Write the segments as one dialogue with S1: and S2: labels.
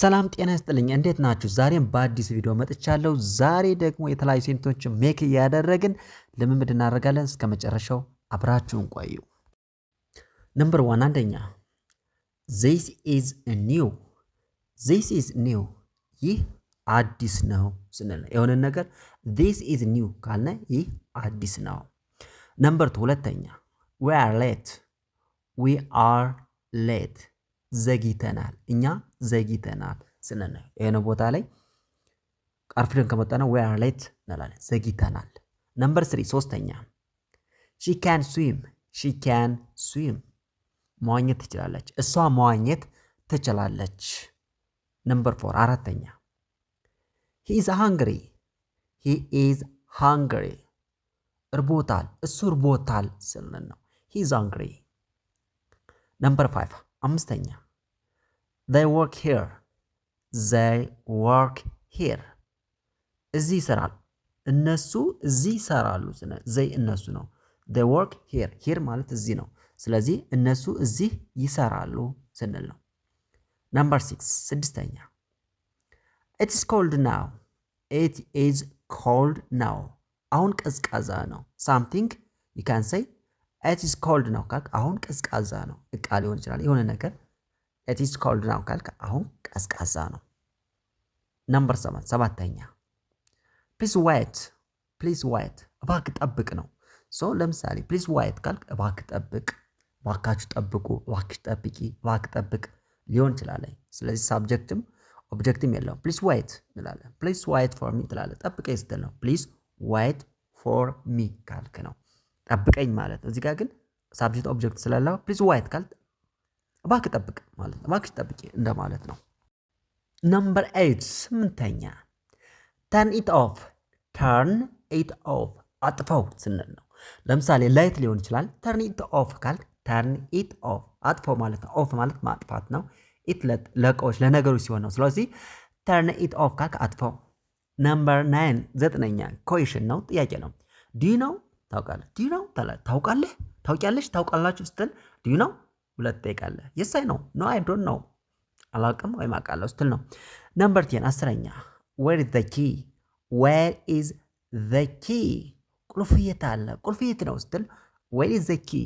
S1: ሰላም ጤና ይስጥልኝ፣ እንዴት ናችሁ? ዛሬም በአዲስ ቪዲዮ መጥቻለሁ። ዛሬ ደግሞ የተለያዩ ሴንቶች ሜክ እያደረግን ልምምድ እናደርጋለን። እስከ መጨረሻው አብራችሁን ቆዩ። ነምበር ዋን አንደኛ፣ ዚስ ኢዝ ኒው። ዚስ ኢዝ ኒው፣ ይህ አዲስ ነው ስንል የሆነ ነገር ዚስ ኢዝ ኒው ካልነ ይህ አዲስ ነው። ነምበር ሁለተኛ፣ ዊ አር ሌት። ዊ አር ሌት ዘግይተናል፣ እኛ ዘግይተናል ስንል ነው። ቦታ ላይ አርፍደን ከመጣነው ዊ አር ሌት እንላለን፣ ዘግይተናል። ነምበር ስሪ ሶስተኛ ሺ ካን ስዊም፣ ሺ ካን ስዊም መዋኘት ትችላለች፣ እሷ መዋኘት ትችላለች። ነምበር ፎር አራተኛ ሂ ኢዝ ሃንግሪ፣ ሂ ኢዝ ሃንግሪ እርቦታል፣ እሱ እርቦታል ስንል ነው። ሂ ኢዝ ሃንግሪ። ነምበር ፋይቭ አምስተኛ they work here they work here እዚህ ይሰራሉ። እነሱ እዚህ ይሰራሉ። ዘይ እነሱ ነው። they work here here ማለት እዚህ ነው። ስለዚህ እነሱ እዚህ ይሰራሉ ስንል ነው። ነምበር ሲክስ ስድስተኛ it is cold now it is cold now አሁን ቀዝቃዛ ነው። something you can say ኢትስ ኮልድ ነው ካልክ አሁን ቀዝቃዛ ነው። እቃ ሊሆን ይችላል የሆነ ነገር። ኢትስ ኮልድ ነው ካልክ አሁን ቀዝቃዛ ነው። ነምበር ሰቨን ሰባተኛ ፕሊስ ዋይት ፕሊስ ዋይት እባክህ ጠብቅ ነው። ሶ ለምሳሌ ፕሊስ ዋይት ካልክ እባክህ ጠብቅ፣ እባካችሁ ጠብቁ፣ እባክሽ ጠብቂ፣ እባክህ ጠብቅ ሊሆን ይችላል። ስለዚህ ሳብጀክትም ኦብጀክትም የለውም። ፕሊስ ዋይት እንላለን። ፕሊስ ዋይት ፎር ሚ ትላለህ። ጠብቀኝ ስትል ነው። ፕሊስ ዋይት ፎር ሚ ካልክ ነው። ጠብቀኝ ማለት ነው። እዚህ ጋር ግን ሳብጀክት ኦብጀክት ስላለው ፕሊዝ ዋይት ካል እባክህ ጠብቅ ማለት ነው። እባክሽ ጠብቂ እንደማለት ነው። ነምበር ኤይት ስምንተኛ ተርን ኢት ኦፍ ተርን ኢት ኦፍ አጥፈው ስንል ነው። ለምሳሌ ላይት ሊሆን ይችላል። ተርን ኢት ኦፍ ካል ተርን ኢት ኦፍ አጥፈው ማለት ነው። ኦፍ ማለት ማጥፋት ነው። ኢት ለእቃዎች ለነገሮች ሲሆን ነው። ስለዚህ ተርን ኢት ኦፍ ካልክ አጥፈው። ነምበር ናይን ዘጠነኛ ኮይሽን ነው ጥያቄ ነው። ዲዩ ነው ታውቃለህ ዲዩ ነው ታውቃለህ ታውቂያለሽ ታውቃላችሁ ስትል ዲዩ ነው ብለህ ትጠይቃለህ። የሳይ ነው ኖ አይ ዶንት ነው አላውቅም ወይም አውቃለሁ ስትል ነው። ነምበር ቴን አስረኛ ዌር ኢዝ ዘ ኪ ዌር ኢዝ ዘ ኪ ቁልፍ የት አለ ቁልፍ የት ነው ስትል ዌር ኢዝ ዘ ኪ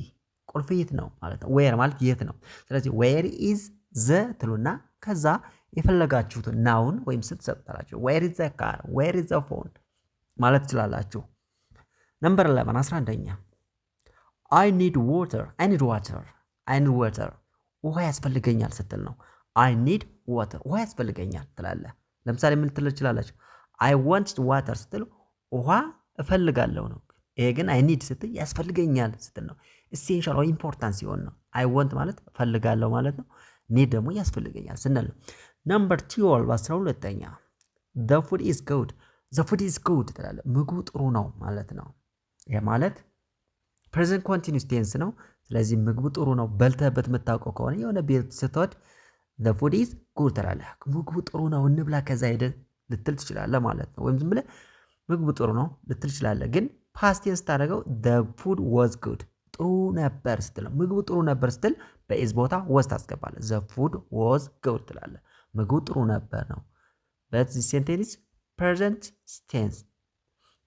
S1: ቁልፍ የት ነው ማለት ነው። ዌር ማለት የት ነው። ስለዚህ ዌር ኢዝ ዘ ትሉና ከዛ የፈለጋችሁትን ናውን ወይም ስም ዌር ኢዝ ዘ ካር ዌር ኢዝ ዘ ፎን ማለት ትችላላችሁ። ነምበር 11 11ኛ አይ ኒድ ዋተር አይ ኒድ ዋተር አይ ኒድ ዋተር ውሃ ያስፈልገኛል ስትል ነው። አይ ኒድ ዋተር ውሃ ያስፈልገኛል ትላለ። ለምሳሌ ምን ልትል ትችላለች? አይ ዋንት ዋተር ስትል ውሃ እፈልጋለሁ ነው። ይሄ ግን አይ ኒድ ስትል ያስፈልገኛል ስትል ነው። ኢሴንሻል ወይ ኢምፖርታንት ሲሆን ነው። አይ ዋንት ማለት እፈልጋለሁ ማለት ነው። ኒድ ደግሞ ያስፈልገኛል ስንል ነው። ነምበር ትዌልቭ አስራ ሁለተኛ ዘ ፉድ ኢዝ ጉድ ዘ ፉድ ኢዝ ጉድ ትላለህ። ምግቡ ጥሩ ነው ማለት ነው። ይሄ ማለት ፕሬዘንት ኮንቲኒስ ቴንስ ነው። ስለዚህ ምግቡ ጥሩ ነው በልተህበት የምታውቀው ከሆነ የሆነ ቤት ስትወድ ዘ ፉድ ኢዝ ጉድ ትላለህ። ምግቡ ጥሩ ነው እንብላ ከዛ ሄደህ ልትል ትችላለህ ማለት ነው። ወይም ዝም ብለህ ምግቡ ጥሩ ነው ልትል ትችላለህ። ግን ፓስቴን ስታደርገው ዘ ፉድ ዋዝ ጉድ ጥሩ ነበር ስትል ምግቡ ጥሩ ነበር ስትል በኢዝ ቦታ ወዝ ታስገባለህ። ዘ ፉድ ዋዝ ጉድ ትላለህ። ምግቡ ጥሩ ነበር ነው። በዚህ ሴንቴንስ ፕሬዘንት ቴንስ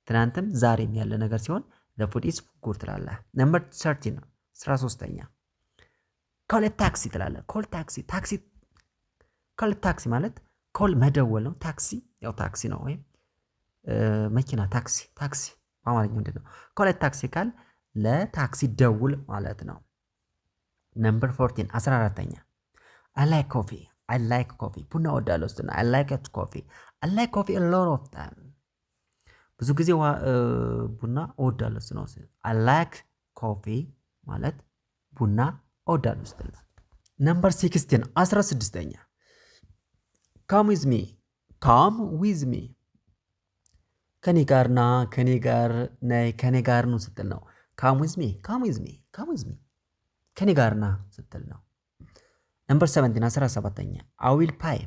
S1: ትናንትም ዛሬም ያለ ነገር ሲሆን ለፉዲስ ኢዝ ጉድ ትላለህ። ነምበር ሰርቲን ነው ስራ ሶስተኛ ኮል ታክሲ ትላለህ። ኮል ታክሲ ታክሲ ኮል ታክሲ ማለት ኮል መደወል ነው። ታክሲ ያው ታክሲ ነው ወይም መኪና ታክሲ ታክሲ በአማርኛ ምንድን ነው? ኮል ታክሲ ካል ለታክሲ ደውል ማለት ነው። ነምበር ፎርቲን አስራ አራተኛ አይ ላይክ ኮፊ አይ ላይክ ኮፊ ቡና ወዳለ ውስጥ ነው። አይ ላይክ ኮፊ አይ ላይክ ኮፊ ሎት ኦፍ ታይም ብዙ ጊዜ ቡና እወዳለሁ ስትል አይ ላይክ ኮፊ ማለት ቡና እወዳለሁ ስትል ነው። ነምበር ሲክስቲን አስራ ስድስተኛ ካም ዊዝ ሚ ካም ዊዝ ሚ ከኔ ጋር ና፣ ከኔ ጋር ነይ፣ ከኔ ጋር ነው ስትል ነው። ካም ዊዝ ሚ ካም ዊዝ ሚ ካም ዊዝ ሚ ከኔ ጋር ና ስትል ነው። ነምበር ሰቨንቲን አስራ ሰባተኛ አዊል ፓይ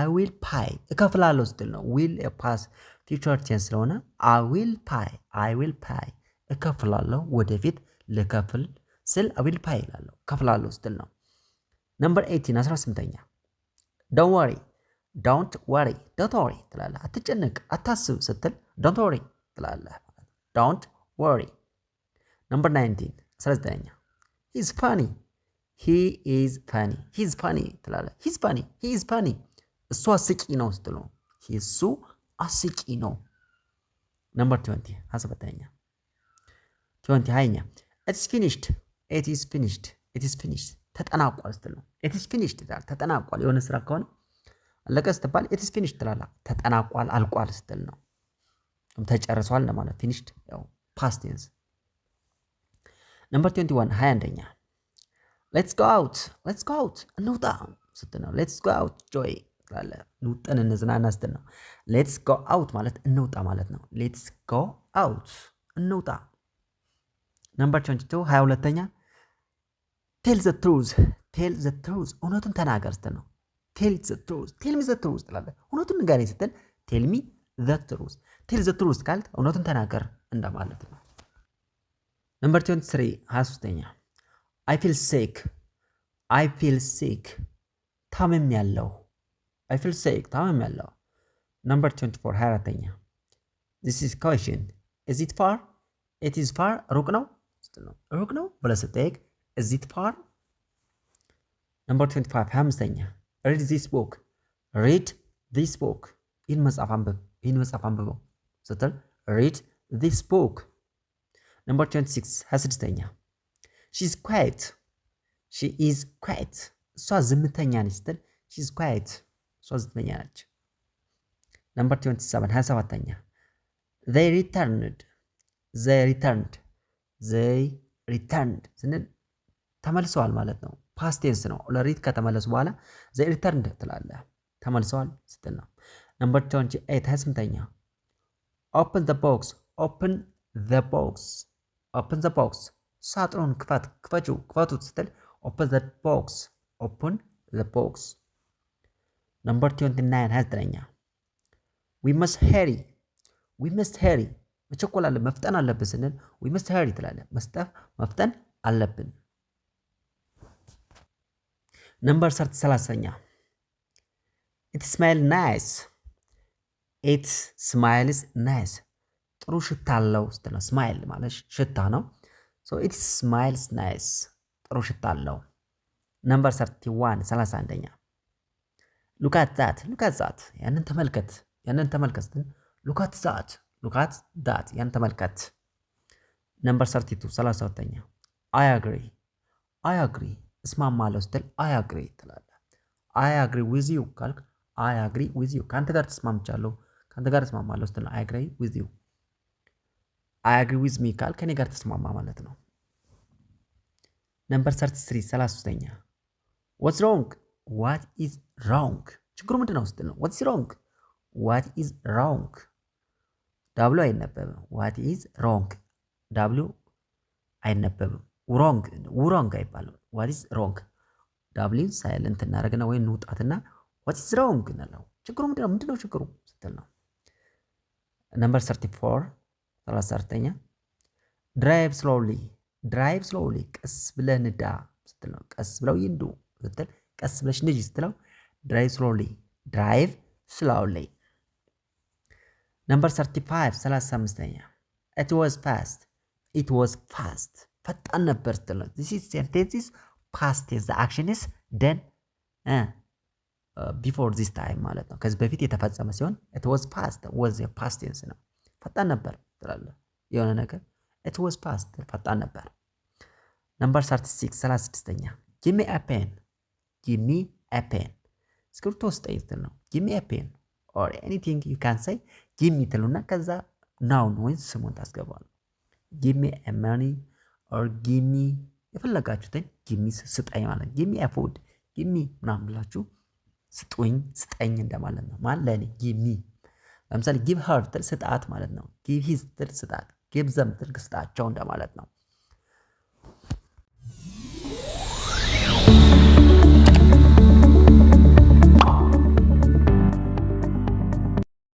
S1: አዊል ፓይ እከፍላለሁ ስትል ነው። ዊል ፓስ ፊውቸር ስለሆነ አዊል ፓይ አይዊል ፓይ እከፍላለሁ ወደፊት ልከፍል ስል አዊል ፓይ ይላለሁ ከፍላለሁ ስትል ነው። ነምበር ኤይቲን 18ኛ ዶንት ወሪ ዶንት ወሪ ዶንት ወሪ ትላለህ። አትጨነቅ አታስብ ስትል ዶንት ወሪ ትላለህ። ዶንት ወሪ ነምበር 19 19ኛ ሂዝ ፋኒ ሂ ኢዝ ፋኒ ሂዝ ፋኒ ትላለህ። ሂዝ ፋኒ ፋኒ እሱ አስቂ ነው ስትል ነው እሱ አስቂ ነው። ነምበር ትወንቲ ሀያ ትወንቲ ሀያኛ ኢትስ ፊኒሽድ ኢትስ ፊኒሽድ ኢትስ ፊኒሽድ ተጠናቋል ስትል ነው። ኢትስ ፊኒሽድ ተጠናቋል። የሆነ ስራ ከሆነ አለቀ ስትባል ኢትስ ፊኒሽድ ትላላ። ተጠናቋል አልቋል ስትል ነው። ተጨርሷል ለማለት ፊኒሽድ ያው ፓስት ቴንስ። ነምበር ትወንቲ ዋን ሀያ አንደኛ ሌትስ ጎ አውት ሌትስ ጎ አውት እንውጣ ስትል ነው። ሌትስ ጎ አውት ጆይ ትላለህ። ውጠን እንዝናና ስትል ነው። ሌትስ ጎ አውት ማለት እንውጣ ማለት ነው። ሌትስ ጎ አውት እንውጣ። ነምበር ቹ ሀያ ሁለተኛ ቴል ዘ ትሩዝ ቴል ዘ ትሩዝ እውነቱን ተናገር ስትል ነው። ቴል ዘ ትሩዝ ቴልሚ ዘ ትሩዝ ትላለህ። እውነቱን ንገረኝ ስትል ቴልሚ ዘ ትሩዝ ቴል ዘ ትሩዝ ካልክ እውነቱን ተናገር እንደማለት ነው። ነምበር ቲዌንቲ ስሪ ሀያ ሶስተኛ አይ ፊል ሴክ አይ ፊል ሴክ ታምም ያለው Ayfelsek tamamen لا Number 24 حالة تانية This is question Is it far? It is far ሩቅ ነው ሩቅ ነው Is it far? Number 25 አምስተኛ Read this book Read this book ይህን መጽሐፍ አንብብ ይህን መጽሐፍ አንብበው ስትል Read this book Number 26 ሃያ ስድስተኛ She quiet She is quiet So as ነች ስትል She She's quiet ሶስተኛ ናቸው። ነምበር 27 27ኛ ዘይ ሪተርንድ ዘይ ሪተርንድ ዘይ ሪተርንድ ስንል ተመልሰዋል ማለት ነው። ፓስቴንስ ነው። ለሪት ከተመለሱ በኋላ ዘይ ሪተርንድ ትላለህ ተመልሰዋል ስትል ነው። ነምበር 28 28ኛ ኦፕን ዘ ቦክስ ኦፕን ዘ ቦክስ ኦፕን ዘ ቦክስ ሳጥኑን ክፈት ክፈቹ ክፈቱት ስትል ኦፕን ዘ ቦክስ ኦፕን ዘ ቦክስ Number 29 29ኛ we must hurry we must hurry መቸኮል አለ መፍጠን አለብን ስንል we must hurry ትላለ። መስጠፍ መፍጠን አለብን። ነምበር 30ኛ it smell nice it smiles nice ጥሩ ሽታ አለው ስትለው ስማይል ማለት ሽታ ነው። ሶ it smiles nice ጥሩ ሽታ አለው። ነምበር 31 31ኛ ሉካት ዛት ሉካት ዛት ያንን ተመልከት፣ ያንን ተመልከት። ሉካት ዛት ሉካት ዛት ያን ተመልከት። ነምበር 32 ሰላሳ ሁለተኛ አይ አግሪ አይ አግሪ እስማማለሁ ስትል አይ አግሪ ትላለህ። አይ አግሪ ዊዝ ዩ ካልክ አይ አግሪ ዊዝ ዩ ከአንተ ጋር ተስማምቻለሁ፣ ከአንተ ጋር ተስማማለሁ ስትል አይ አግሪ ዊዝ ዩ። አይ አግሪ ዊዝ ሚ ካልክ ከኔ ጋር ተስማማ ማለት ነው። ነምበር 33 ስሪ ሰላሳ ሶስተኛ ወትስ ሮንግ ዋት ኢዝ ሮንግ ችግሩ ምንድን ነው ስትል ነው። ዋት ኢዝ ሮንግ ዋት ኢዝ ሮንግ ዳብሉ አይነበብም። ዋት ኢዝ ሮንግ ዳብሉ አይነበብም። ሮንግ ውሮንግ አይባልም። ዋት ኢዝ ሮንግ ዳብሊን ሳይለንት እናደርግና ወይም እንውጣትና ዋት ኢዝ ሮንግ እንለው። ችግሩ ምንድን ነው? ምንድን ነው ችግሩ ስትል ነው። ነምበር 34 34ኛ ድራይቭ ስሎሊ ድራይቭ ስሎሊ ቀስ ብለህ ንዳ ስትል ነው። ቀስ ብለው ይንዱ ስትል ቀስ ብለሽ እንደዚህ ስትለው ድራይቭ ስሎሊ ድራይቭ ስሎሊ። ነምበር 35 35ኛ ኢት ዋዝ ፋስት ኢት ዋዝ ፋስት ፈጣን ነበር ስትል ነው። ዚስ ኢዝ ሴንቴንስ ፓስት ቴንስ አክሽን ኢዝ ደን ቢፎር ዚስ ታይም ማለት ነው። ከዚህ በፊት የተፈጸመ ሲሆን ኢት ዋዝ ፋስት ዋዝ ፓስት ቴንስ ነው። ፈጣን ነበር ትላለህ የሆነ ነገር ኢት ዋዝ ፋስት ፈጣን ነበር። ነምበር 36 36ኛ ጂሚ አፔን ጊሚ ኤፔን እስክሪብቶ ስጠኝ ስትል ነው። ጊሚ ኤፔን ኦር ኤኒቲንግ ዩ ካን ሳይ ጊሚ ትሉና ከዛ ናውን ወይም ስሙን ታስገባሉ። ጊሚ መኒ ኦር ጊሚ የፈለጋችሁትን ጊሚ ስጠኝ ማለት ጊሚ ፉድ ጊሚ ምናምን ብላችሁ ስጡኝ ስጠኝ እንደማለት ነው። ማን ለእኔ ጊሚ ለምሳሌ ጊቭ ሀር ትል ስጣት ማለት ነው። ጊቭ ሂዝ ትል ስጣት፣ ጊቭ ዘም ትል ስጣቸው እንደማለት ነው።